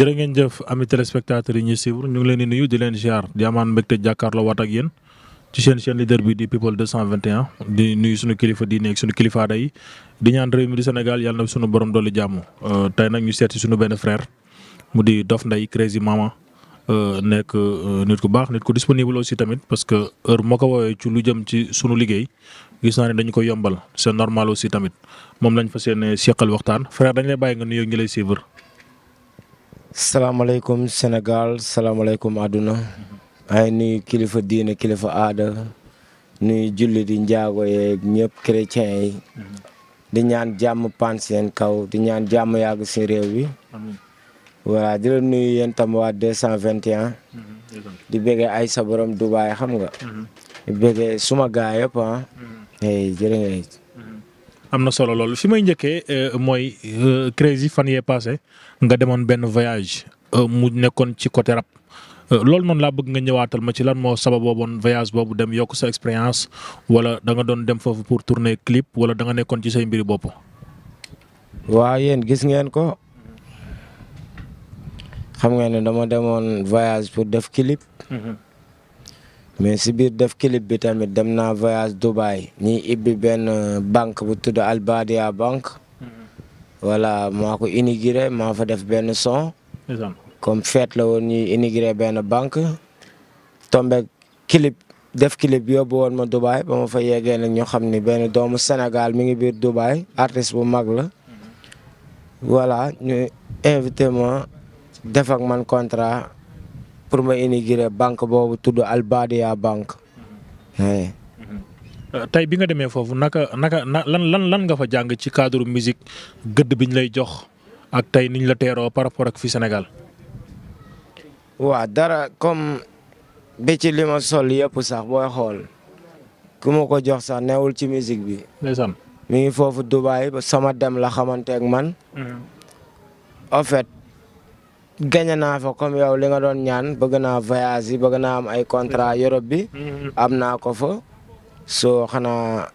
jërë ngeen jëf ami téléspectateurs yi ñuy suivre ñu ngi leen di nuyu di leen ziar di amaan mbégte jàkkaarloo waat ak yéen ci seen chaîne leader bi di people di nuyu suñu kilifa di nekk suñu kilifa day di ñaan réew mi di Sénégal yàlla na suñu borom dolli jàmm euh, tey nag ñu seet si suñu benn frère mu di Dof Ndeye Crazy Mama euh, nekk euh, nit ku baax nit ku disponible si tamit parce que heure moo ko woowee ci lu jëm ci suñu liggéey gis naa ne dañu ko yombal c'est normal aussi tamit moom lañ fas yéene seqal waxtaan frère dañ bàyyi nga nuyoo ngi lay suivre. salaamaaleykum Sénégal salaamaaleykum àdduna ay nuyu kilifa diine kilifa aada nuyu jullit di njaago yeeg ñëpp chrétien yi di ñaan jàmm pan seen kaw di ñaan jàmm yàgg si réew bi voilà di la nuyu yéen tam waa deux cent vingt et un di bëggee ay sa borom Dubaay xam nga di bëggee suma ga yëpp ah ay jërë na solo loolu fi may njëkkee eh, mooy eh, Crazy nga demoon benn voyage euh, mu nekkoon ci côté rap euh, loolu man laa bëgg nga ñëwaatal ma ci lan moo sababoo woon voyage boobu dem yokk sa expérience wala da doon dem foofu pour tourner clip wala da nekkoon ci say mbiri bopp. waaw yéen gis ngeen ko xam ngeen ne dama demoon voyage pour def clip. Mhm. mais si biir def clip bi tamit dem naa voyage Dubaï ñiy ibbi benn euh, banque bu tudd Albadia banque. voilà maa ko inauguré maa fa def benn son. comme fête la woon ñuy inauguré benn banque. tombé clip def clip yóbbu woon ma Dubaay ba ma fa yeggee nag ñu xam ni benn doomu Sénégal mi ngi biir Dubaay artiste bu mag la. voilà ñu invité ma def man contrat pour ma inauguré banque boobu tudd Albadia banque. Mm-hmm. tey bi nga demee foofu naka naka na lan lan lan nga fa jàng ci cadre musique gëdd biñ lay jox ak tey niñ la teeroo par rapport ak fi Sénégal. waaw dara comme bi ci limo sol yëpp sax booy xool ku ma ko jox sax newul ci musique bi. ndeysaan mi ngi foofu Dubaay sama dem la xamante ak man. Mm. en fait gañe naa fa comme yow li nga doon ñaan bëgg naa voyage bëgg naa am ay contrat mm. Europe bi. Mm. am naa ko fa. soo xanaa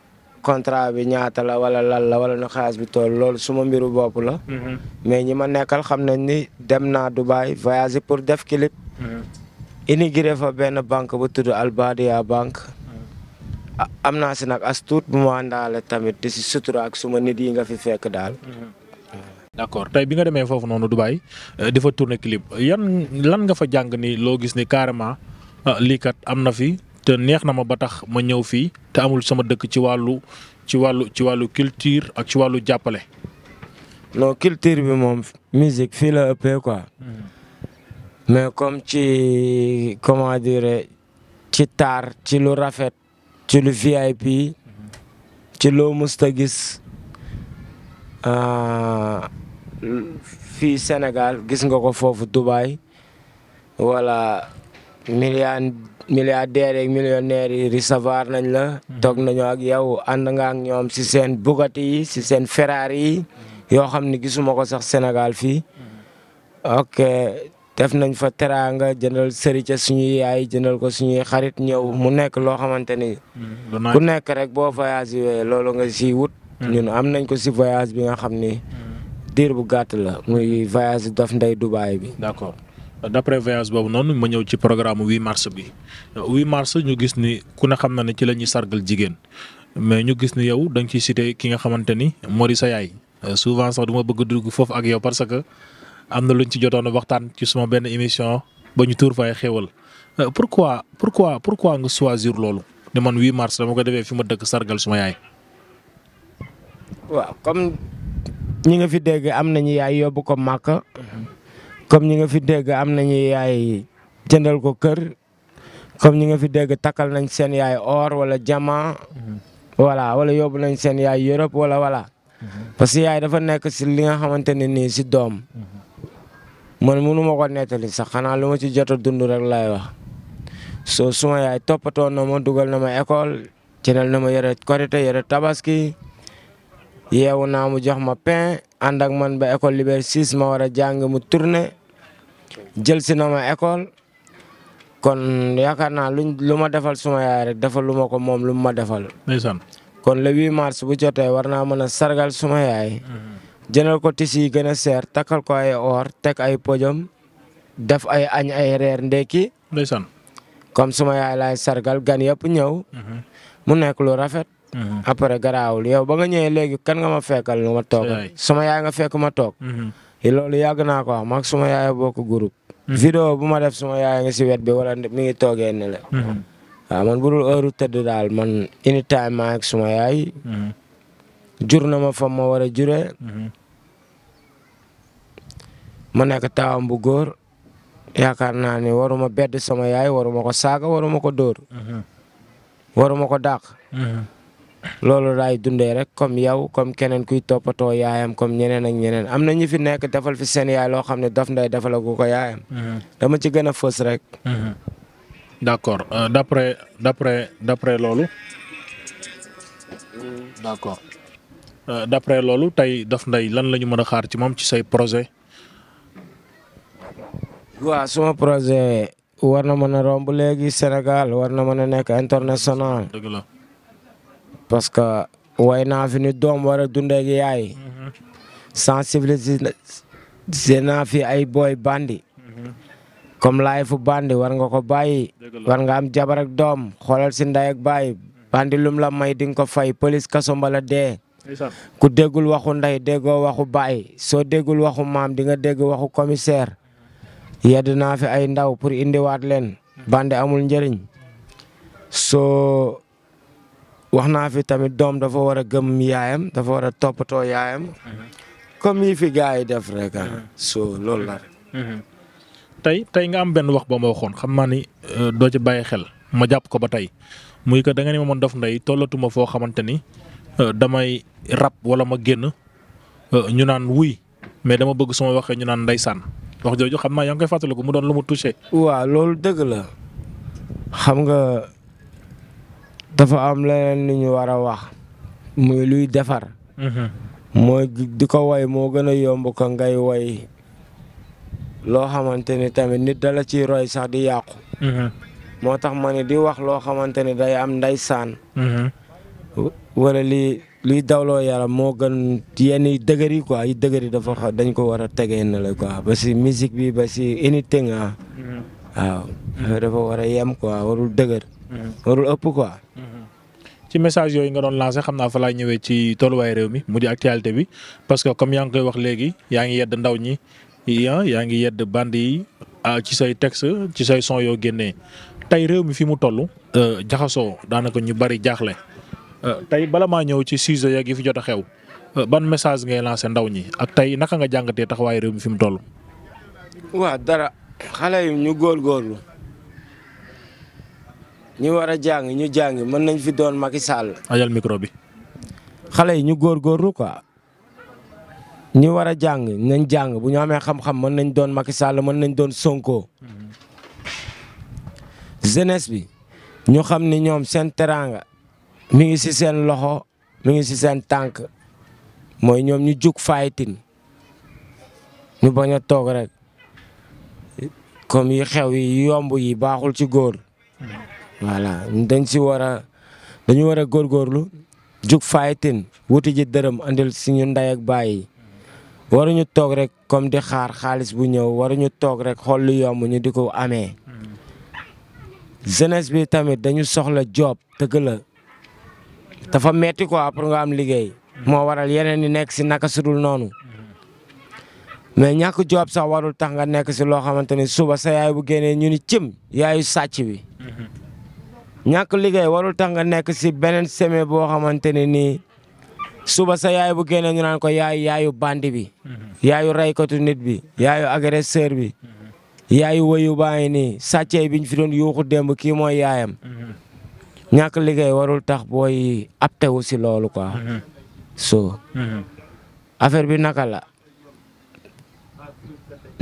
contrat bi ñaata la wala lan la wala na xaalis bi tool loolu suma mbiru bopp la. Mm-hmm. mais ñi ma nekkal xam ne ni dem naa Dubai voyager pour def clip. Mm-hmm. immigré fa benn banque bu tudd Albadia banque. Mm-hmm. am naa si nag as tuut bu ma àndaale tamit di si sutura ak suma nit yi nga fi fekk daal. d' accord bi nga demee foofu noonu Dubai euh, di fa tourner clip yan lan nga fa jàng ni loo gis ni carrément euh, lii am na fi te neex na ma ba tax ma ñëw fii te amul sama dëkk ci wàllu ci wàllu ci wàllu culture ak ci wàllu jàppale. non culture bi moom musique fii la ëppee quoi. Hmm. mais comme ci comment dire ci taar ci lu rafet ci lu VIP ci loo musta gis euh, fii Sénégal gis nga ko foofu Dubaï wala million milliardaires yeeg millionnaires yi recevoir nañ la. Mhm. toog nañoo ak yow ànd nga ñoom si seen Bugatti yi si seen ferar yi. Mhm. yoo xam ne gisuma ko sax senegal fii. Mhm. ok def nañ fa teraanga jëndal sëri ca suñuy yaay jëndal ko suñuy xarit ñëw mu nekk loo xamante ni. ku nekk rek boo voyagé loolu nga siy wut. ñun am nañ ko si voyage bi nga xam ni. diir bu gàtt la muy voyage Dof Ndeye Dubaay bi. d'accord. d'après voyage boobu noonu ma ñëw ci programme 8 mars bi 8 mars ñu gis ni ku ne xam na ne ci la sargal jigéen mais ñu gis ni yow da nga ciy ki nga xamante ni moo di sa yaay souvent sax du ma bëgg dugg foofu ak yow parce que am na luñ ci jotoon waxtaan ci suma benn émission ba ñu tuur fay xéwal pourquoi pour pourquoi nga choisir loolu ne man 8 mars dama ko defee fi ma dëkk sargal suma yaay. waaw comme ñi nga fi dégg am nañu yaay yóbbu comme ñi nga fi dégg am nañu yaay jëndal ko kër comme ñi nga fi dégg takkal nañ seen yaay or wala jama mm-hmm. voilà wala yóbbu nañ seen yaay Europe wala voilà mm-hmm. parce que yaay dafa nekk si li nga xamante ne nii si doom mm-hmm. man mënu ma ko nettali sax xanaa lu ma ci jot a dund rek laay wax soo suma yaay toppatoo na ma dugal na ma école jëndal na ma yore korite yore tabaski yeewu naa mu jox ma pain ànd ak man ba école Liberté 6 ma war a jàng mu tourné jël si na ma école kon yaakaar naa luñ lu ma defal suma yaay rek defal lu ma ko moom lu ma defal. kon le 8 mars bu jotee war naa mën a sargal suma yaay. Mm-hmm. jëndal ko tissu yi gën a seer takkal ko ay or teg ay pojom def ay añ ay reer ndekki. ndeysaan comme suma yaay laay sargal gan yëpp ñëw. Mm-hmm. mu nekk lu rafet. Mm-hmm. après garaawul yow ba nga ñëwee léegi kan nga ma fekkal lu ma toog. suma yaay nga fekk ma toog. loolu yàgg ko wax suma yaay bokk groupe. Mm-hmm. vidéo bu ma def suma yaay nga wet bi wala mi ngi toogee ne la. Mm-hmm. bu dul heure daal man anytime maa ak suma yaay. Mm-hmm. jur na ma fa ma war a juree. ma nekk taawam bu góor yaakaar naa ne waruma bedd sama yaay waruma ko saaga waruma ko dóor. waruma ko dàq. loolu laay dundee rek comme yow comme keneen kuy toppatoo yaayam comme ñeneen ak ñeneen am na ñu fi nekk defal fi seen yaay loo xam ne Dof Ndeye defalagu ko yaayam. Mhm. dama ci gën a fës rek. Mhm. d' accord euh, d' après d' après d' après loolu. d' accord euh, après loolu tey Dof Ndeye lan la ñu mën a xaar ci moom ci say projet. waaw suma projet war na mën a romb léegi Sénégal war na mën a nekk international. dëgg la. parce que way naa fi doom war a dundee ak yaay sensibiliser naa fi ay booy bandi comme laay fu bandi war nga ko bàyyi war nga am jabar doom xolal si ndayak ak bàyyi bandi lum la may dinga ko fay police kaso mbala dee ku déggul waxu nday déggoo waxu bàyyi soo déggul waxu maam dinga nga dégg waxu commissaire yedd naa fi ay ndaw pour indiwaat leen hmm. bandi amul njëriñ soo wax naa fi tamit doom dafa war a gëm yaayam dafa war a toppatoo yaayam. comme yi fi gars yi def rek ah. so loolu la. Mhm. tey tey nga am benn wax boo ma waxoon xam naa ni euh, doo ci bàyyi xel ma jàpp ko ba tey muy que da nga ne ma man Dof tollatuma foo xamante ni euh, damay rab wala ma génn euh, ñu naan wuy mais dama bëgg su ma waxee ñu naan ndeysaan wax jooju xam naa yaa ngi koy mu doon lu mu touché. waa loolu dëgg la dafa am leneen nu ñu war a wax muy luy defar. Mhm. mooy di ko woy moo gën a yomb ko ngay woy loo xamante ni tamit ni dala ciy roy sax di yàqu. Mhm. moo tax ma di wax loo xamante ni day am nday saan mhm. wala lii liy dawloo yaram moo gën yenn yi dëgër yi quoi yi dafa xa dañ ko war a tegee na la quoi ba si musique bi ba si anything ah. waaw dafa war a yem quoi warul dëgër. warul mm-hmm. ëpp quoi. Mm-hmm. ci message yooyu nga doon lancé xam naa fa laa ñëwee ci tolluwaay réew mi mu di actualité bi parce que comme yaa ngi koy wax léegi yaa ngi yedd ndaw ñi yaa ngi yedd band yi ci say texte ci say son yoo génnee tey réew mi fi mu toll. Euh, jaxasoo daanaka ñu bari jaaxle. Euh, tey bala maa ñëw ci sujet yeeg yi fi jot a xew euh, ban message ngay lancé ndaw ñi ak tey naka nga jàngatee taxawaay réew mi fi mu toll. waa dara xale yi ñu góorgóorlu ñu war a jàng ñu jàng mën nañ fi doon Macky Sall. ajal micro bi. xale yi ñu góor góorgóorlu quoi ñu war a jàng nañ jàng bu ñu amee xam-xam mën nañ doon Macky Sall mën nañ doon Sonko. jeunesse bi ñu xam ni ñoom seen teraanga mi ngi ci seen loxo mu ngi ci seen tànk mooy ñoom ñu jug fayitin ñu bañ a toog rek comme yi xew yi yomb yi baaxul ci góor. voilà dañ si war a dañu war a góorgóorlu jug fayitin wuti ji dërëm andil si ñu nday ak bàyyi waruñu toog rek comme di xaar xaalis bu ñëw wara ñu toog rek xool lu yomb ñu di ko amee jeunesse bi tamit dañu soxla job dëgg la dafa metti quoi pour am liggéey moo waral yeneen yi nekk si naka sudul noonu mais ñàkk job sax warul tax nga nekk si loo xamante ni suba sa yaay bu génnee ñu ni cim yaay sàcc bi ñàkk liggéey warul tax nga nekk si beneen semaine boo xamante ne nii suba sa yaay bu génne ñu naan ko yaay yaayu bandi bi mhm. yaayu raykatu nit bi yaayu agresseur bi mhm. yaayu wayu baa ni nii sàccee biñ fi doon yuuxu démb kii mooy yaayam mhm. ñàkk liggéey warul tax booy aptewu si loolu quoi so affaire bi naka la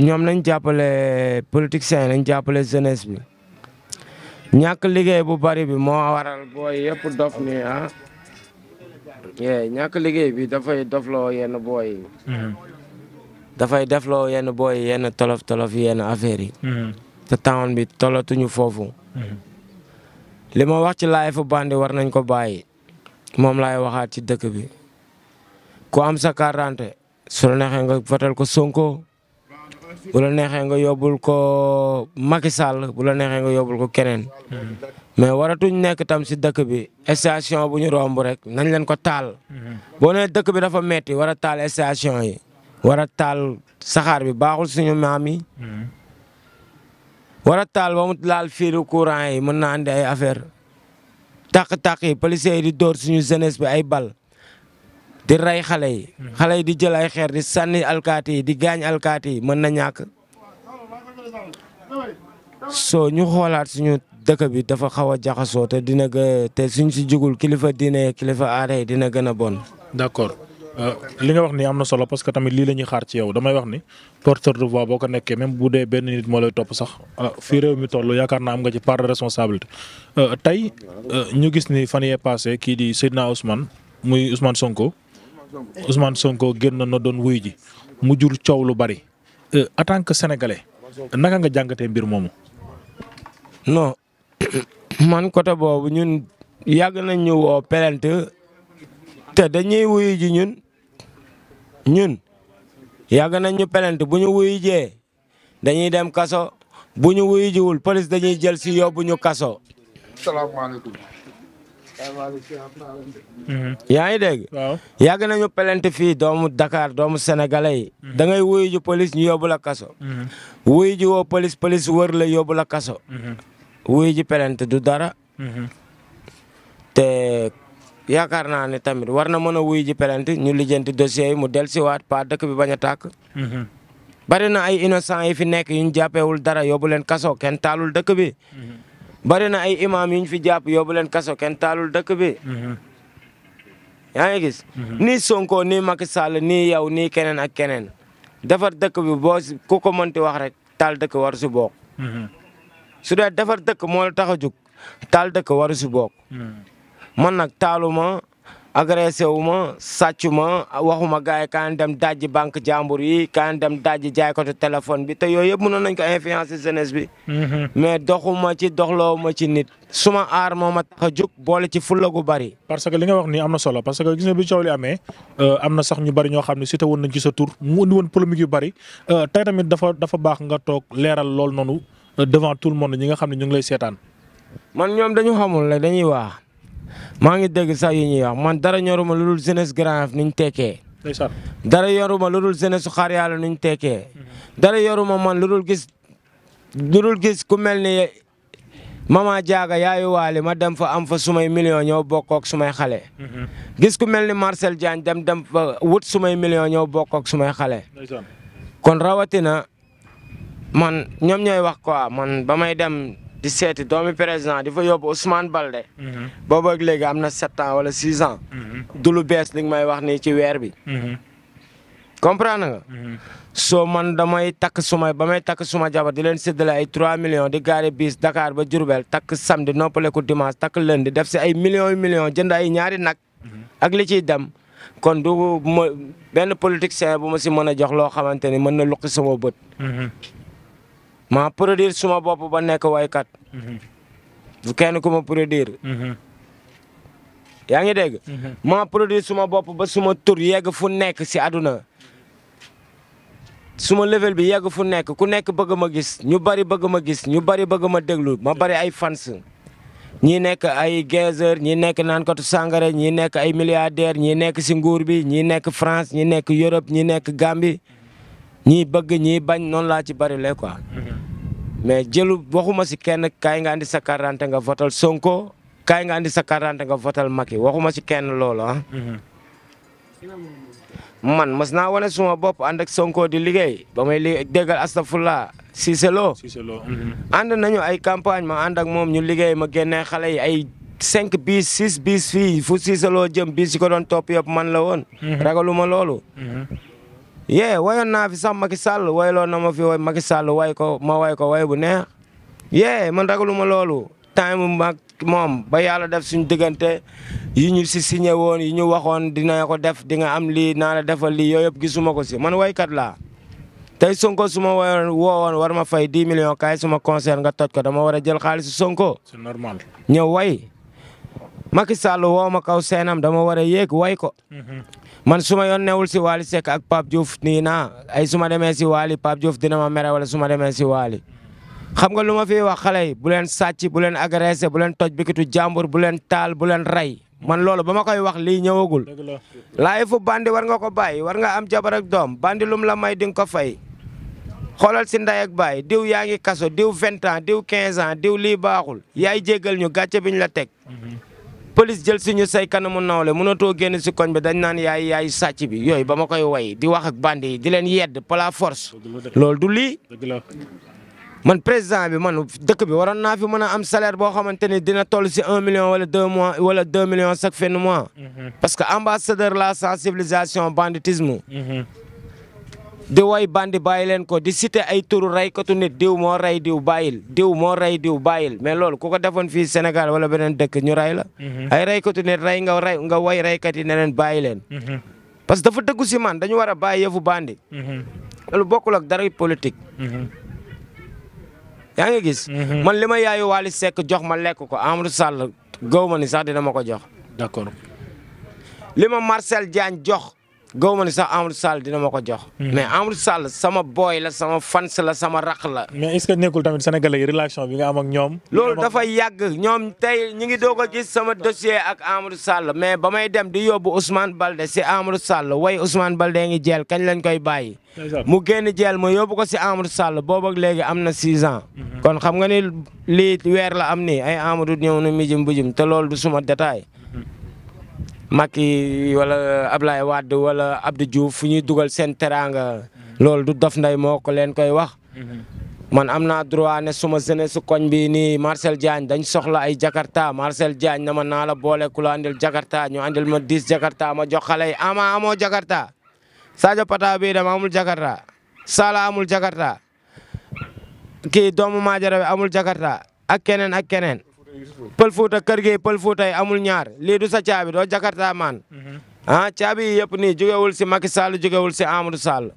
ñoom nañ jàppale politiciens yi nañ jàppale jeunesse bi ñàkk liggéey bu bari bi moo waral booy yëpp dof ah. yee ñàkk liggéey bi dafay dofloo yenn booy yi. Mm-hmm. dafay defloo yenn booy yi yenn tolof tolof yenn affaire yi. Mm-hmm. te town bi tolatuñu foofu. Mm-hmm. li ma wax ci bandi war nañ ko bàyyi moom lay waxaat ci dëkk bi ku am sa carte d'identité nga votal ko Sonko. bu la neexee nga yobul ko Macky Sall bu la neexee nga yóbbul ko keneen. Mm-hmm. mais waratuñ nekk tam si dëkk bi station bu ñu romb rek nañ leen ko taal. Mm-hmm. boo nee dëkk bi dafa met war a taal station yi. war a taal saxaar bi baaxul suñu maam yi. Mm-hmm. wara a taal ba mu laal fiiru courant yi mën na andi ay affaire tàq-tàq yi policiers yi di dóor suñu jeunesse bi ay bal. di rey xale yi. xale yi di jël ay xeer di sànni alkaati yi di gaañ alkaati yi mën na ñàkk. soo ñu xoolaat suñu dëkk bi dafa xaw a jaxasoo te dina gë te suñ si jugul kilifa diine kilifa aada yi dina gën a bon. d'accord euh, li nga wax ni am na solo parce que tamit lii la ñuy xaar ci yow damay wax ni porteur de voix boo ko nekkee même bu dee benn nit moo lay topp sax euh, fii réew mi toll yaakaar naa am nga ci part de euh, tey ñu gis ni fan yee passé kii di Seydina Ousmane muy Ousmane Ousmane Sonko génn na doon wuy ji mu jur coow lu bari euh, en tant que sénégalais naka nga jàngatee mbir moomu. non man côté boobu ñun yàgg nañ ñu woo te dañuy wuyu ji ñun ñun yàgg nañ ñu plainte bu ñu wuyu dañuy dem kaso bu ñu wuyu jiwul police dañuy jël si yóbbu ñu kaso. salaamaaleykum. yaa ngi dégg. waaw yàgg nañu pelente fii doomu Dakar doomu sénégalais yi. Mm-hmm. da ngay wuyu ji police ñu yóbbu kaso. Mm-hmm. wuyu ji woo police wër la yobula la kaso. Mm-hmm. wuyu ji pelente du dara. te yaakaar naa ne tamit war na mën a wuyu ji pelente ñu lijjanti dossier yi mu dellusiwaat pas dëkk bi bañ a tàkk. na ay innocent yi fi nekk yu ñu jàppeewul dara yóbbu kaso kenn taalul dëkk bi. bari na ay imaam yuñ fi jàpp yóbbu leen kaso kenn taalul dëkk bi. Mm-hmm. yaa ngi gis. Mm-hmm. nii Sonko nii Macky Sall nii yow nii keneen ak keneen defar dëkk bi boo ku ko mënti wax rek taal dëkk waru si bokk. Mm-hmm. su dee defar dëkk moo la tax a jug taal dëkk waru si bokk. man nag taaluma agressé wu ma sàccu ma waxuma gaay yi kaan dem dajji banque jàmbur yi kaan dem dajji jaaykatu téléphone bi te yooyu yëpp mënoon nañ ko influencer jeunesse bi. Mm-hmm. mais doxuma ci doxloo ma ci nit. suma aar moo ma tax a jóg boole ci fulla gu bari. parce que li nga wax nii am na solo parce que gis nga bi coow li amee euh, am na sax ñu bari ñoo xam ne cité woon nañ ci sa tur mu indi woon polémique yu bari euh, tey tamit dafa dafa baax nga toog leeral lool noonu euh, devant tout le monde ñi nga xam ne ñu ngi lay seetaan. man ñoom dañu xamul rek dañuy wax maa ngi dégg sax yi ñuy wax man dara ñoruma lu dul jeunesse Grand Yoff ni ñu tekkee. dara yoruma lu dul jeunesse su xaar yàlla mhm. dara yoruma man lu dul gis lu dul ku mel ni mama jaaga yaayu waale ma dem fa am fa sumay million ñëw bokkook sumay xale. Mhm. gis ku mel ni Marcel Diagne dem dem fa wut sumay million ñëw bokkook sumay xale. kon rawatina man ñoom ñooy wax quoi man ba may dem. di seeti doomi président di fa yóbbu Ousmane Balde. Mhm. boobu ak léegi am na sept ans wala six ans. Mhm. du lu bees li nga may wax nii ci weer bi. Mhm. comprendre nga. soo man damay takk sumay ba may takk suma jabar di leen séddale ay 3 millions di gaare bis Dakar ba Diourbel takk samedi noppaleku dimanche takk lundi def si ay millions yu millions jënd ay ñaari nag. ak li ci dam kon du ma benn politicien bu ma si mën a jox loo xamante ni mën na lukki sama bët. ma produire suma bopp ba nekk waykat. du kenn ku ma yaa ngi dégg. ma produire suma bopp ba suma tur yegg fu nekk si àdduna. suma level bi yegg fu nekk ku nekk bëgg ma gis ñu bari bëgg ma gis ñu bari bëgg ma déglu ma bari ay fans. ñi nekk ay geezer ñi nekk naankatu sàngara ñi nekk ay milliardaire ñi nekk si nguur bi ñii nekk France ñi nekk Europe ñii nekk Gambie ñii bëgg ñii bañ noonu laa ci bari le mais jëlu waxuma ci kenn kaay nga andi sa nga votal Sonko kaay nga andi sa carte nga votal Macky waxuma ci kenn loolu ah. man mas na wane suma bopp ànd ak Sonko di liggéey ba may li déggal astafurla Cissé Lo. Mhm. ànd nañu ay campagne ma ànd ak moom ñu liggéey ma génnee xale yi ay. cinq bis six bis fii fu Cissé jëm bis yi ko doon topp yëpp man la woon. Mhm. ma loolu. Mhm. yee wayoon naa fi sax Macky Sall wayloon na ma fi way Macky Sall way ko ma way ko way bu neex yee man ragaluma loolu temps mu mag moom ba yàlla def suñu diggante yi ñu si signé woon yii ñu waxoon dina ko def di nga am lii naa la defal lii yooyu yëpp gisuma ko si man waykat laa tey Sonko su ma woowoon woowoon war ma fay 10 millions kaay suma concert nga toj ko dama war a jël xaalisu Sonko. c'est normal ñëw way Macky Sall woo ma kaw seenam dama war a yéeg way ko. Mhm. man su ma yoon newul si Waly sek ak Pape Diouf nii naa ay su ma demee si Waly Pape Diouf dina ma mere wala su ma demee si Waly xam nga lu ma fiy wax xale yi bu leen sàcc bu leen agressé bu leen toj bikitu jàmbur bu leen taal bu leen rey man loolu ba ma koy wax lii ñëwagul. laay fu bandi war nga ko bàyyi war nga am jabar ak doom bandi lum la may di nga ko fay. xoolal si nday ak baay diw yaa ngi kaso diw 20 ans diw 15 ans diw lii baaxul yaay jéggal ñu gàcce biñ la teg. Mhm. police jël suñu say kanamu nawle mënatoo génn si koñ bi dañ naan yaay yaay sàcc bi yooyu ba ma koy way di wax ak bandi yi di leen yedd par la force. loolu du lii. man président bi man dëkk bi waroon naa fi mën a am salaire boo xamante ni dina toll si un million wala deux mois wala deux millions chaque fin de mois. Mhm. parce que ambassadeur la sensibilisation banditisme. Mhm. di woy bandi bàyyi leen ko di cité ay turu raykatu nit diw moo ray diw bàyyil diw moo ray diw bàyyil mais loolu ku ko defoon fii Sénégal wala beneen dëkk ñu ray la. Mhm. ay raykatu nit ray nga rey nga woy reykat yi ne leen bàyyi leen. Mhm. parce que dafa dëggu si man dañu war a bàyyi yëfu bandi. Mhm. loolu bokkul ak dara politique. yaa ngi gis. man li ma yaayu Wally Seck jox ma lekk ko Amadou Sall gaw ma ni sax dina ma ko jox. d'accord li ma Marcel Diagne jox. gaw ma ni sax Amadou Sall dina ma ko jox. Mhm. mais Amadou Sall sama boy la sama fans la sama raq la. mais est-ce que nekkul tamit sénégalais yi relation bi nga am ak ñoom. loolu dafa yàgg ñoom tey ñu ngi doog a gis sama dossier ak Amadou Sall mais ba may dem di yobbu Ousmane Balde si Amadou Sall way Ousmane Balde ngi jeel kañ lañ koy bàyyi. mu génn jeel ma yóbbu ko si Amadou Sall boobu ak léegi am na 6 ans. Mhm. kon xam nga ni lii weer la am ni ay Amadou ñëw na mijum bujum te lool du suma détail. Macky wala Ablaye Wade wala abdu Diouf fu ñuy dugal seen teraanga loolu du Dof Ndeye moo ko leen koy wax. man am naa droit ne suma jeunesse su koñ bi nii Marcel Diagne dañ soxla ay Jakarta Marcel Diagne na ma naa la boole ku la andil Jakarta ñu andil ma 10 Jakarta ma jox xale yi ama amoo Jakarta Sadio Pata bii amul Jakarta Sala amul Jakarta kii doomu Maajara bi amul Jakarta ak keneen ak keneen. pël Fuuta kër gi pël Fuuta yi amul ñaar lii du sa caabi doo Jakarta maan. Mhm. ah caabi yi yëpp nii jugewul si Macky Sall jugewul si Amadou Sall.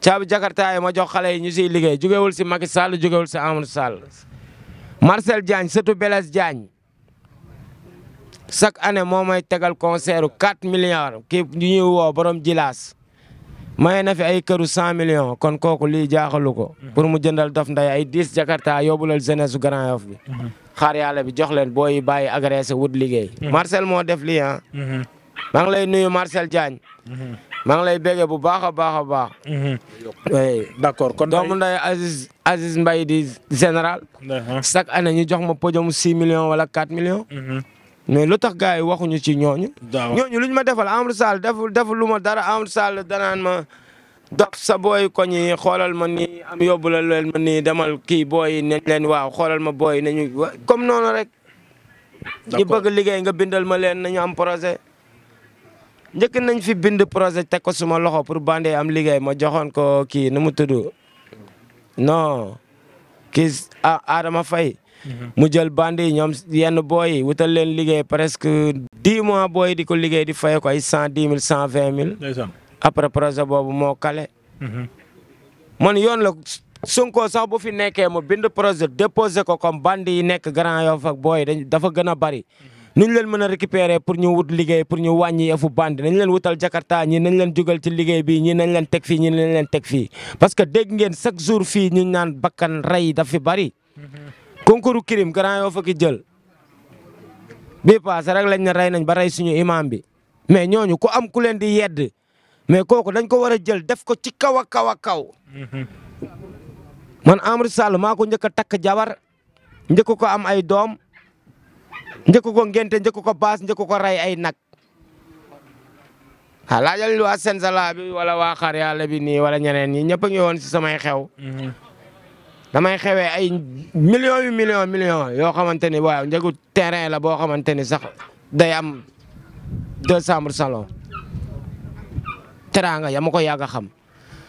caabi Jakarta yi ma jox xale yi ñu siy liggéey jugewul si Macky Sall jugewul si Amadou Sall. Marcel Diagne surtout Blaise Diagne chaque année moo may tegal concert 4 milliards kii ñuy woo borom jilaas maye na fi ay këru 100 kon kooku lii jaaxalu ko. Mhm. pour mu Dof Nday ay 10 Jakarta yóbbulal jeunesse su Grand Yoff xaar yàlla bi jox leen booy bàyyi agressé wut liggéey. Mhm. Marcel moo def lii ah. Mhm. maa ngi lay nuyu Marcel Diagne. Mhm. maa ngi lay béggee bu baax a baax a baax. d'accord kon doomu nday Aziz Aziz Mbaye di général. Uh-huh. chaque année ñu jox ma podium 6 millions wala 4 millions. mais lu tax gars yi waxuñu ci ñooñu. ñooñu luñ ma defal Amadou Sall deful lu ma dara Amadou Sall danaan ma. dox sa booy koñ yi xoolal ma ni am yóbbu la leen ma nii demal kii booy yi nañ leen waaw xoolal ma booy yi nañu comme noonu rek. ñi bëgg liggéey nga bindal ma leen nañu am projet. njëkk nañ fi bind projet teg ko suma loxo pour bande am liggéey ma joxoon ko kii nu mu tudd non kii Adama fay mhm. mu jël bande yi ñoom yenn booy yi wutal leen liggéey presque dix mois booy di ko liggéey di fay ko ay cent dix mille cent vingt mille. après projet boobu moo kale. moon mhm. yoon la Sonko sax bu fi nekkee mu bind projet déposé ko comme bandi yi nekk Grand Yoff ak booy dañ dafa gën a bari. Mhm. nu ñu leen mën a récupérer pour ñu wut liggéey pour ñu wàññi yëfu bandi nañ leen wutal jakarta ñi nañ leen jugal ci liggéey bi ñi nañ leen teg fii ñi nañ leen teg fii parce que dégg ngeen chaque jour fii ñu naan bakkan rey daf fi bari. Mhm. concours crime Grand Yoff ki jël bii paase rek lañ ne rey nañ ba rey suñu imam bi mais ñooñu ko am ku leen di yedd. mais kooku dañ ko war a jël def ko ci kaw a kaw a kaw. Mhm. man Amry Sall maa ko njëkk a takk jabar njëkk ko am ay doom njëkk ko ngente njëkk ko baas njëkk ko ray ay nag. ah laajal waa Senzala bi wala waa xar yàlla bi nii wala ñeneen ñi ñëpp a ngi si samay xew. Mhm. damay xewee ay million yu million millions yoo xamante ni waaw njëgu terrain la boo xamante ni sax day am décembre salon. teraanga ya ma ko yàgg a xam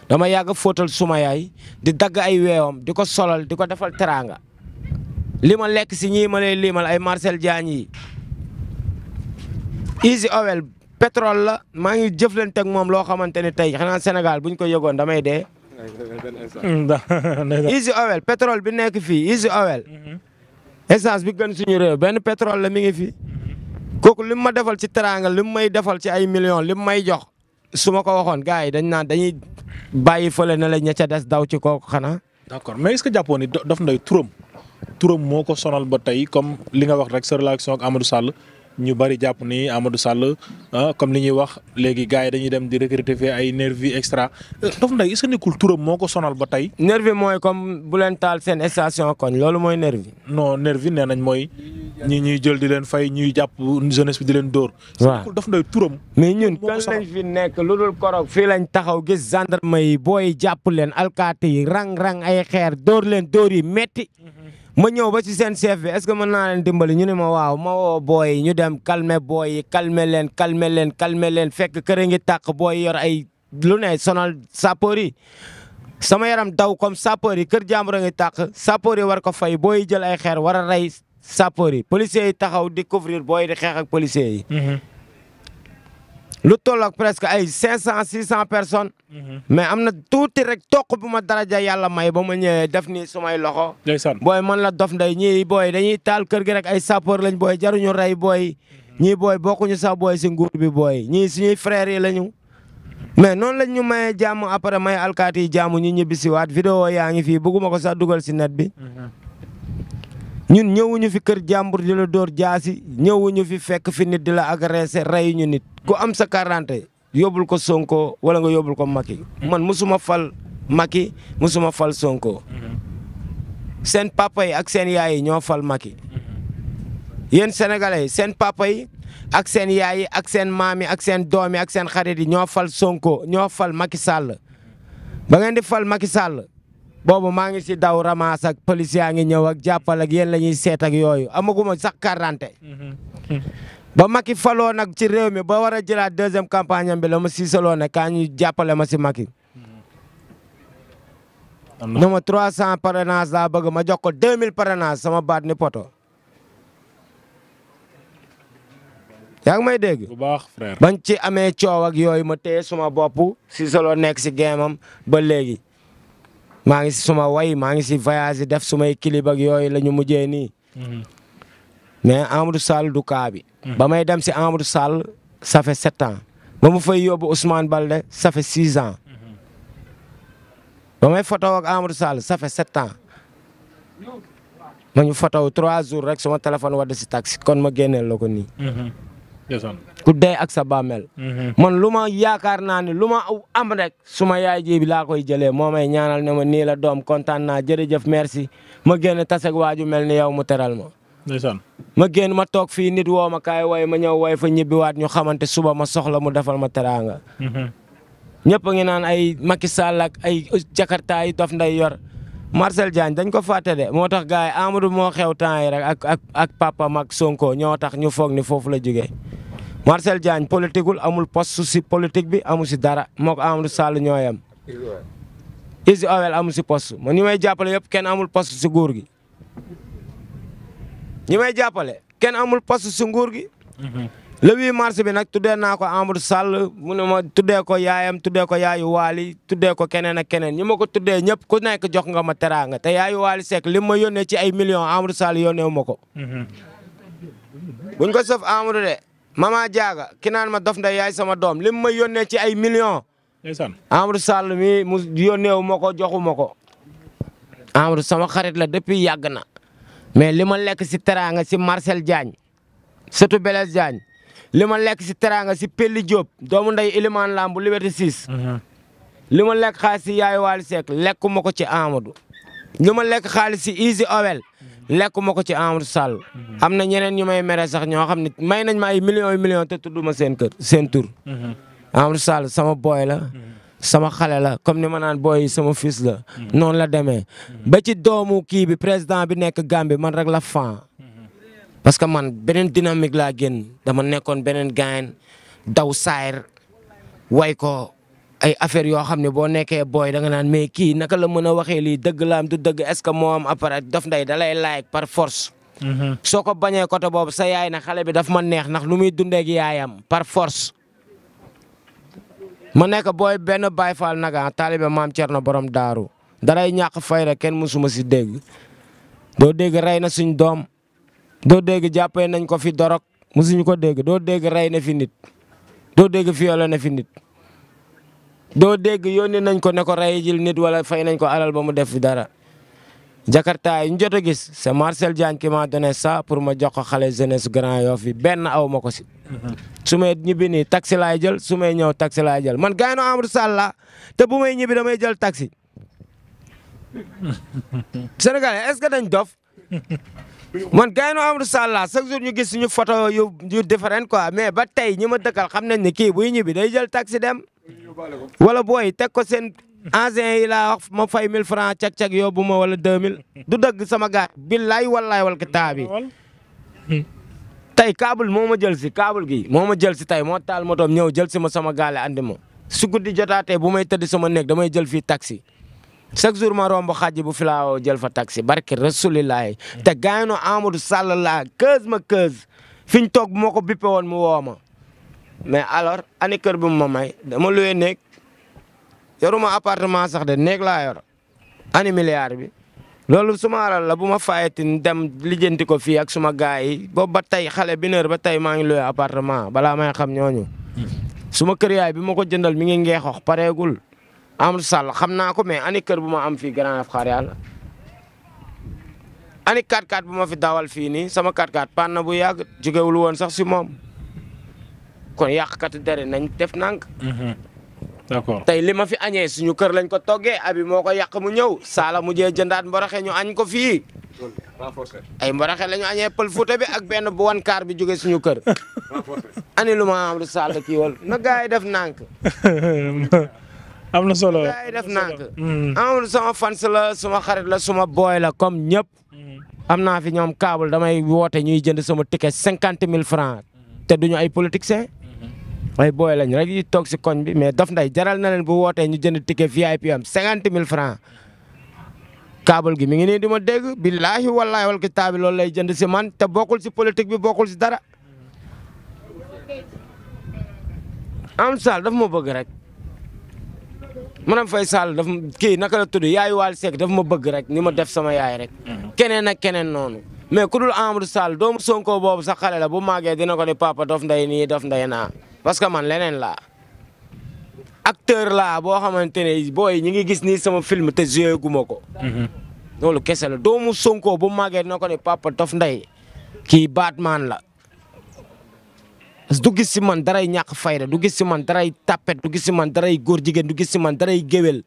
dama yàgg a fóotal suma yaay di dagg ay weewam di ko solal di ko defal teraanga li ma lekk si ñii ma lay limal ay Marcel Diagne yi Easy Oil pétrole la maa ngi jëflante ak moom loo xamante ne tey xanaa Sénégal buñ ko yegoon damay dee. Easy Oil pétrole bi nekk fii Easy Oil. Mhm. essence bi gën suñu réew benn pétrole la mi ngi fi. Mhm. kooku lim ma defal ci teraanga lim may defal ci ay millions lim may jox. su ma ko waxoon gars yi dañ naan dañuy bàyyi fële ne la ña ca des daw ci kooku xanaa. d'accord mais est que jàppoon ni Dof Ndoye turam turam moo ko sonal ba tey comme li nga wax rek sa relation ak Amadou Sall ñu bëri jàpp ni Amadou Sall ah, comme li ñuy wax léegi gars yi dañuy dem di recruter fee ay nervi extra Dof Ndeye est-ce que nekkul turam moo ko sonal ba tey. nervi mooy comme bu leen taal seen station kon loolu mooy nervi. non nervi nee nañ mooy ñi ñuy jël di leen fay ñuy jàpp jeunesse bi di leen dóor. waaw Dof Ndeye turam. mais ñun kan lañ fi nekk lu dul korog fii lañ taxaw gis gendarme yi booy jàpp leen alkaati yi rang rang ay xeer dóor leen dóor yi metti mhm. ma ñëw ba ci seen chef bi est-ce que mën naa leen dimbali ñu ne ma waaw ma woo booy ñu dem calmer booy yi calmer leen calmer leen calmer leen fekk kër ngi tàq booy yor ay lu ne sonal sapeur yi sama yaram daw comme sapeur yi kër jàmbur a ngi tàq sapeur yi war ko fay booy jël ay xeer war a rey sapeur yi policiers taxaw di couvrir booy di xeex ak policiers yi. Mm-hmm. lu tollook presque ay 500 600 personnes. Mhm. mais am na tuuti rek toq bu ma daraja yàlla may ba ma ñëwee def nii sumay loxo. ndeysaan booy man la dof nday ñii booy dañuy taal kër gi rek ay sapeur lañ booy jaruñu rey booy. Mhm. ñii booy bokkuñu sax booy si nguur bi booy ñii suñuy frères yi lañu. mais noonu lañ ñu mayee jàmm après may alkaati yi ñu ñibbi ñibbisiwaat vidéo yaa ngi fii bëgguma ko sax dugal si net bi. Mhm. ñun ñëwuñu fi kër jàmbur di la dóor jaasi ñëwuñu fi fekk fi nit di la agressé rey ñu nit. ku am sa quarante yóbbul ko Sonko wala nga yóbbul ko maki man musuma fal Macky musuma fal Sonko seen papa yi ak seen yaay yi ñoo fal yen yéen sénégalais seen papa yi ak seen yaay yi ak seen maam ak seen doom ak seen xarit yi ñoo fal Sonko ñoo fal Macky Sall ba ngeen di fal Macky Sall boobu maa ngi si daw ramas ak police ngi ñëw ak jàppal ak yéen la ñuy seet ak yooyu amaguma sax quarante mm-hmm. ba Macky faloo nag ci réew mi ba war a jëlaat deuxième campagne bi la ma siisaloo ne kaa ñu jàppale ma si Macky. am na ma 300 parrainage laa bëgg ma jox ko mille parrainage sama baat ni poto. yaa ngi may dégg. bu baax frère. bañ ci amee coow ak yooyu ma téye suma bopp siisaloo nekk si géemam ba léegi. maa ngi si suma way maa ngi si voyage def sumay clip ak yooyu la ñu mujjee nii. Mhm. mais Amadou Sall du kaa ba may dem si Amadou Sall ça fait sept ans ba mu fay yóbbu Ousmane Balde ça fait six ans ba may fotow ak Amadou Sall ça fait sept ans ma ñu fotow trois jours rek sama téléphone wadd kon ma génneel la nii. Mhm. ku dee ak sa bàmmeel. Mhm. man lu ma yaakaar naa ne lu ma am rek suma yaay ji bi laa koy jëlee moo may ñaanal ne ma nii la doom kontaan naa jërëjëf merci ma génn tase ak waaju mel ni yow mu teral ma. ndeysaan ma génn ma toog fii nit woo ma kaay way ma ñëw way fa ñibbiwaat ñu xamante suba ma soxla mu defal ma teraanga. Mhm. ñëpp a ngi naan ay maki Sall ak ay Jakarta yi dof nday yor Marcel Diagne dañ ko fàtte de moo tax gars yi Amadou moo xew temps yi rek ak ak ak papa mag Sonko ñoo tax ñu foog ni foofu la jógee. Marcel Diagne politiqueul amul post si politique bi amul si dara moo ko Amadou Sall ñoo yem. Izi Owel amul si poste man ñu may jàppale yëpp kenn amul post si góor gi. ñi may jàppale kenn amul poste si nguur gi. le 8 mars bi nag tuddee naa ko Amadou Sall mu ne ma tuddee ko yaayam tuddee ko yaayu waali tuddee ko keneen ak keneen ñi ma ko tuddee ñëpp ku nekk jox nga ma teraanga te yaayu waali Seck li ma yónnee ci ay millions Amadou Sall yónnee ma ko. buñ ko sëf Amadou de mama jaaga ma dof nday yaay sama doom lim ma yónnee ci ay million ndeysaan Amadou Sall mi wu ma ko joxu ma ko. Amadou sama xarit la depuis yàgg na. mais li ma lekk si teraanga si Marcel Diagne surtout Blaise Diagne li ma lekk si teraanga si Pelli Diop doomu nday Ilimane Lamb bu Liberté 6. Mhm. li ma lekk xaalis si Yaay Waly Seck lekku ma ko ci Amadou. li ma lekk xaalis si Easy Owel lekku ma ko ci Amadou Sall. Mhm. am na ñeneen ñu may mere sax ñoo xam ni may nañ ma ay millions yu millions te tudduma seen kër seen tur. Mhm. Amadou Sall sama boy la. sama xale la comme ni ma naan booy sama fils la. noonu la deme ba ci doomu kii bi président bi nekk Gambie man rek la fan parce que man benen dynamique la génn dama nekkoon benen gaayen daw saayir way ko ay yoo xam ne boo nekkee booy da naan mais kii naka la mën a waxee lii dëgg la du dëgg est ce que moo am appareil daf nday da lay laaj par force. Mm-hmm. soo ko bañee côté boobu sa yaay na xale bi daf ma neex ndax lu muy yaayam par force. ma nekk booy benn baay Fall naga ah, taalibe maam na borom daaru daray ñàkk fay rek kenn mësuma si dégg doo dégg rey na suñ doom doo dégg jàppee nañ ko fi dorog mësuñu ko dégg doo dégg rey na fi nit doo dégg violé na fi nit doo dégg yónnee nañ ko ne ko rey jil nit wala fay nañ ko alal ba mu def fi dara Jakarta yi jot gis c'est Marcel Diagne qui m'a pour ma jox ko xale jeunesse Grand Yoff yi benn aw ma ko si. su may ñibbi nii taxi laay jël su may ñëw taxi laay jël man gaynde Amadou Sall la te bu may ñibbi damay jël taxi. Sénégalais est-ce dof man gaynde Amadou Sall la chaque jour ñu gis suñu photo yu yu différent quoi mais ba tey ñi ma dëkkal xam nañ ne kii buy ñibbi day jël taxi dem. wala booy teg ko seen. engins yi laa ma fay 1000 francs cag-cag yóbbu ma wala 2000 du dëgg sama gaay billaay wallaay wal kitaabi tey kaabul moo ma jël si kaabul gi moo ma jël si tey moo taal motoom ñëw jël si ma sama gaal andi mo su guddi jotaatee bu may tëdd sama néeg damay jël fii taxi chaque jour ma romb xaj bu filaawo jël fa taxi barke rasulillahi te gaayno Amadou Sall laa keuz ma keuz fi ñu toog bu ma ko bippe woon mu woo ma mais alors ani kër bi mu ma may dama luwee néeg yoruma appartement sax de néeg laa yor ani milliard bi loolu suma alal la bu ma fayetin dem lijjanti ko fii ak suma gaay yi boobu ba tey xale bi heure ba tey maa ngi luwee appartement balaa may xam ñooñu suma kër yaay bi ma ko jëndal mi ngi ngeexox pareegul am sàll xam naa ko mais ani kër bu ma am fii Grand Yoff xaar yàlla ani 4 x bu ma fi dawal fii nii sama 4x4 pan na bu yàgg jógewul woon sax si moom kon yàqkatu dere nañ def nànk mhm. d'accord tey li ma fi añee suñu kër lañ ko toggee abi moo ko yàq mu ñëw saala mujjee jëndaat mboroxe ñu añ ko fii ay mboroxe la ñu añee pël fuuta bi ak benn bu wan kaar bi jógee suñu kër ani lu ma am lu kii wal na gars yi def nànk am na solo na def nànk mm. amul sama fans la suma xarit la sama booy la comme ñëpp mm. am naa fi ñoom kaabul damay woote ñuy jënd sama ticket cinquante mille francs mm. te duñu ay politiciens ay booy lañ rek yi toog si bi mais Dof Ndeye jaral na leen bu wootee ñu jënd ticket VIP am cinquante mille francs kaabal gi mi ngi nii di ma dégg billaahi wallaahi wal kitaabi loolu lay jënd si man te bokkul si politique bi bokkul si dara am sall daf ma bëgg rek manam fay sall daf kii naka la tudd yaay waal seek daf ma bëgg rek ni ma def sama yaay rek mhm. keneen ak keneen noonu mais ku dul Amadou Sall doomu Sonko boobu sa xale la bu màggee dina ko ni papa Dof Ndeye nii Dof Ndeye naa parce que man leneen laa acteur laa boo xamante ne booy ñi ngi gis nii sama film te joué gu ma ko. Mhm. kese la doomu Sonko bu màggee na ko ne papa dof ndey kii Batman la. du gis si man daray ñàkk fayda du gis si man daray tapet du gis si man daray góor jigéen du gis si man daray géwél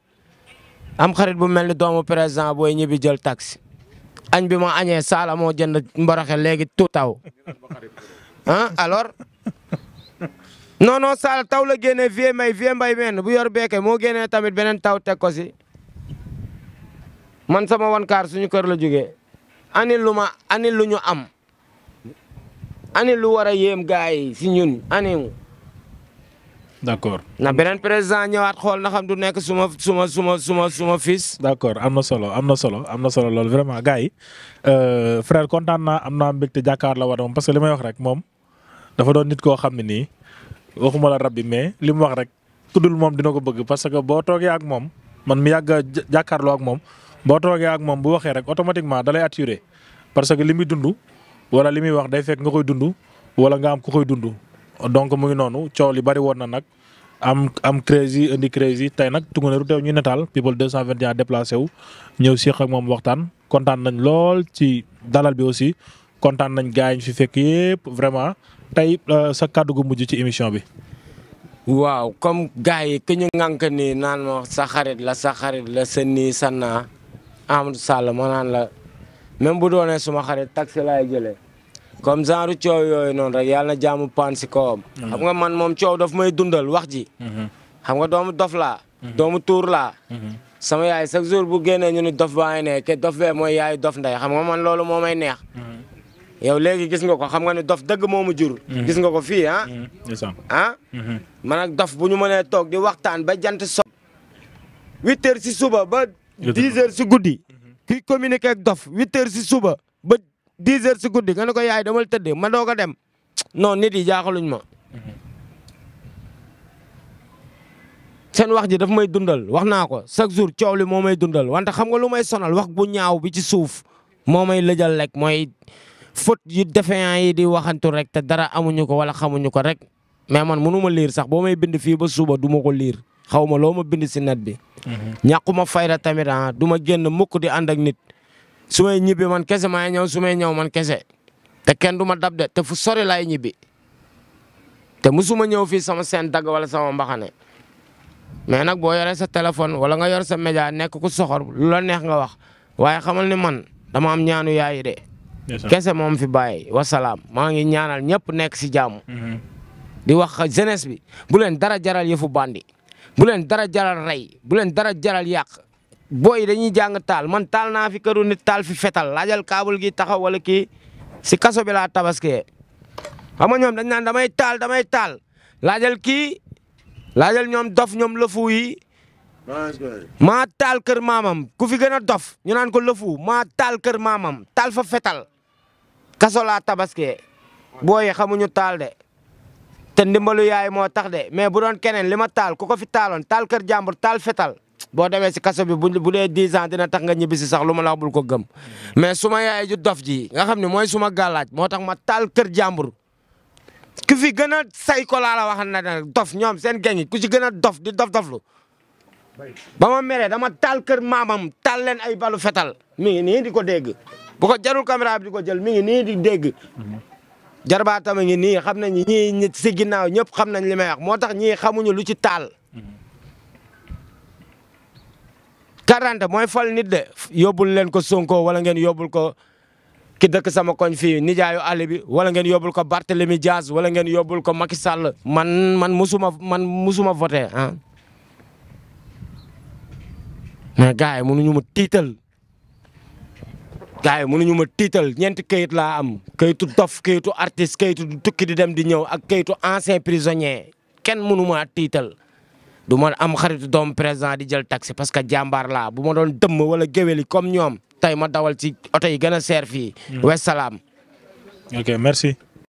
am xarit bu mel ni doomu président boo ñibbi jël taxi. añ bi ma añee saala moo jënd mbaraxe léegi tout taw non non Saal taw la génnee vie may vie mbay meen bu yor beeke moo génnee tamit beneen taw teg ko si man sama wankaar suñu kër la jógee ani lu ma ani lu ñu am ani lu war a yéem gars yi si ñun ani d' accord na beneen président ñëwaat xool na xam du nekk suma suma suma suma suma fils. d' accord am na solo am na solo am na solo loolu vraiment gars yi euh, frère kontaan naa am naa mbégte jàkkaar la war moom parce que li may wax rek moom dafa doon nit koo xam ne nii. waxuma la rab bi mais li mu wax rek kuddul moom dina ko bëgg parce que boo toogee ak moom man mi yàgg a jàkkaarloo ak moom boo toogee ak moom bu waxee rek automatiquement da lay attiré parce que li muy dund wala li muy wax day fekk nga koy dundu wala nga am ku koy dund donc mu noonu coow li bari woon na nag am am crazy indi crazy tey nag Toucouleur teew ñu netaal people 221 déplacé wu ñëw séq ak moom waxtaan kontaan nañ lool ci dalal bi aussi kontaan nañ gars yi ñu fi fekk yëpp vraiment. tey euh, sa kàddu gu mujj ci émission bi. waaw comme gars yi ki ñu ŋànk nii naan ma sa xarit la sa xarit la sa nii sa naa Amadou Sall ma naan la même bu doonee suma xarit taxi laay jëlee comme genre coow yooyu noonu rek yàlla na jaamu paan si kawam. Mhm. xam nga man moom coow daf may dundal wax ji. Mhm. xam nga doomu dof laa. Mhm. doomu tuur laa. sama yaay chaque jour bu génnee ñu ni dof baa ngi ne ke dof bee mooy yaayu dof ndey xam nga man loolu moo may neex. yow léegi gis nga ko xam nga ne dof dëgg moomu jur. Mm-hmm. gis nga ko fii ah. Mm-hmm. ah. Mm-hmm. man dof bu ñu mënee toog di waxtaan ba jant so. huit si suba ba. dix si guddi. kii communiqué ak dof huit si suba ba dix si guddi nga ne ko yaay damal tëdd ma doo dem non nit yi jaaxaluñ ma. seen wax ji daf may dundal wax naa ko chaque jour coow li moo may dundal wante xam nga lu may sonal wax bu ñaaw bi ci suuf moo may lëjal lekk mooy. faute yu défenant yi di waxantu rek te dara amuñu ko wala xamuñu ko rek mais man mënu ma liir sax boo may bind fii ba suba duma ma ko liir xaw ma loo ma bind si net bi. Mhm. ñàkkuma fayda tamit ah du ma génn mukk di ànd ak nit su may ñibbi man kese maay ñëw su may ñëw man kese te kenn du ma dab de te fu sore laay ñibbi te musuma ñëw fii sama seen dagg wala sama mbaxane mais nag boo yoree sa téléphone wala nga yor sa média nekk ku soxor lu neex nga wax waaye xamal ni man dama am ñaanu yaayi de. kese moom fi bàyyi wasalaam maa ngi ñaanal ñëpp nekk si jàmm. Mm-hmm. di wax jeunesse bi bu leen dara jaral yëfu bandi bu leen dara jaral rey bu leen dara jaral yàq. booy dañuy jàng taal man taal naa fi këru nit taal fi fetal laajal kaabul gi taxaw wala kii si kaso bi laa tabaskee xam nga ñoom dañ naan damay taal damay taal laajal kii laajal ñoom dof ñoom lëfu yi. maa taal kër maamam ku fi gën a dof ñu naan ko lëfu maa taal kër maamam taal fa fetal. kaso laa bo booy xamuñu taal de te ndimbalu yaay moo tax de mais bu doon keneen li ma taal ku ko fi taaloon taal kër jàmbur taal fetal boo demee si kaso bi bu dee 10 ans dina tax nga ñibbi si sax lu ma la ko gëm mais suma yaay ju dof ji nga xam ne mooy suma gàllaaj moo tax ma taal kër jàmbur. ku fi gën a say ko laa la na dof ñoom seen geng yi ku ci gën a dof di dof doflu ba ma meree dama taal kër maamam taal leen ay balu fetal mi ngi nii di ko dégg. bu ko jarul caméra bi di ko jël mi ngi nii di dégg. jarbaatam a ngi nii xam nañ ñii ñi si ginnaaw ñëpp xam nañ li moo tax ñii xamuñu lu ci taal. quarante mooy fal nit de yóbbul leen ko Sonko wala ngeen yóbbul ko ki dëkk sama koñ fii nijaayu àll bi wala ngeen yóbbul ko Barthélemy Dias wala ngeen yóbbul ko Macky Sall man man musuma man musuma voté ah mais gars yi mënuñu ma tiital. gars yi mënuñu ma tiital ñeenti kayit laa am kayitu dof kayitu artiste kayitu tukki di dem di ñëw ak kayitu ancien prisonnier kenn mënu ma tiital du ma am xaritu doom président di jël taxi parce que jàmbaar la bu ma doon dëmm wala géwéli comme ñoom tey ma dawal ci oto yi gën a seer fii. Hmm.